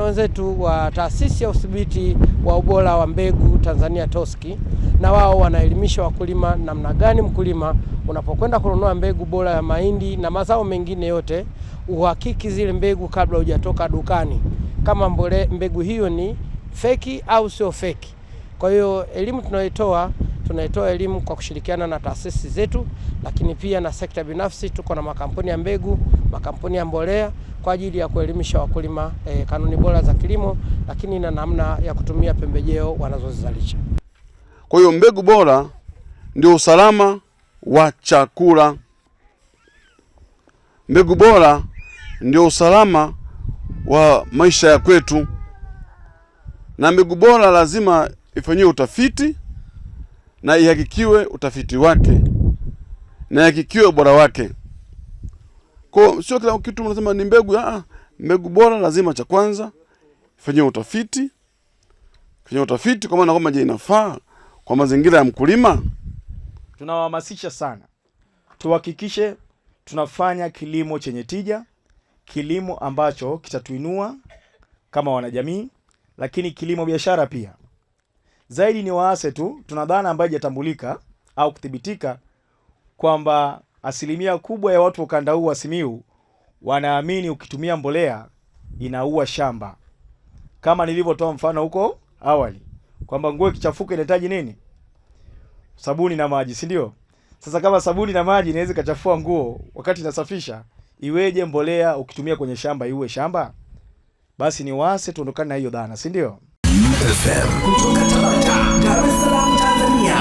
na wenzetu wa taasisi ya udhibiti wa ubora wa mbegu Tanzania TOSCI, na wao wanaelimisha wakulima namna gani mkulima unapokwenda kununua mbegu bora ya mahindi na mazao mengine yote, uhakiki zile mbegu kabla hujatoka dukani, kama mbegu hiyo ni feki au sio feki. Kwa hiyo elimu tunayoitoa Tunaitoa elimu kwa kushirikiana na taasisi zetu, lakini pia na sekta binafsi. Tuko na makampuni ya mbegu, makampuni ya mbolea kwa ajili ya kuelimisha wakulima e, kanuni bora za kilimo, lakini na namna ya kutumia pembejeo wanazozizalisha. Kwa hiyo mbegu bora ndio usalama wa chakula. Mbegu bora ndio usalama wa maisha ya kwetu, na mbegu bora lazima ifanyiwe utafiti na ihakikiwe utafiti wake na ihakikiwe ubora wake. Kwa sio kila kitu unasema ni mbegu ya, ah, ah, mbegu bora lazima cha kwanza fanyia utafiti, fanyia utafiti kwa maana kwamba je, inafaa kwa mazingira ya mkulima. Tunawahamasisha sana tuhakikishe tunafanya kilimo chenye tija, kilimo ambacho kitatuinua kama wanajamii, lakini kilimo biashara pia zaidi ni waase tu, tuna dhana ambayo haijatambulika au kuthibitika kwamba asilimia kubwa ya watu wa ukanda huu wa Simiyu wanaamini ukitumia mbolea inaua shamba, kama nilivyotoa mfano huko awali kwamba nguo ikichafuka inahitaji nini? Sabuni na maji, si ndio? Sasa kama sabuni na maji inaweza ikachafua nguo wakati inasafisha, iweje mbolea ukitumia kwenye shamba iue shamba? Basi ni waase tuondokane na hiyo dhana, si ndio? FM kutoka Talanta, Dar es Salaam, Tanzania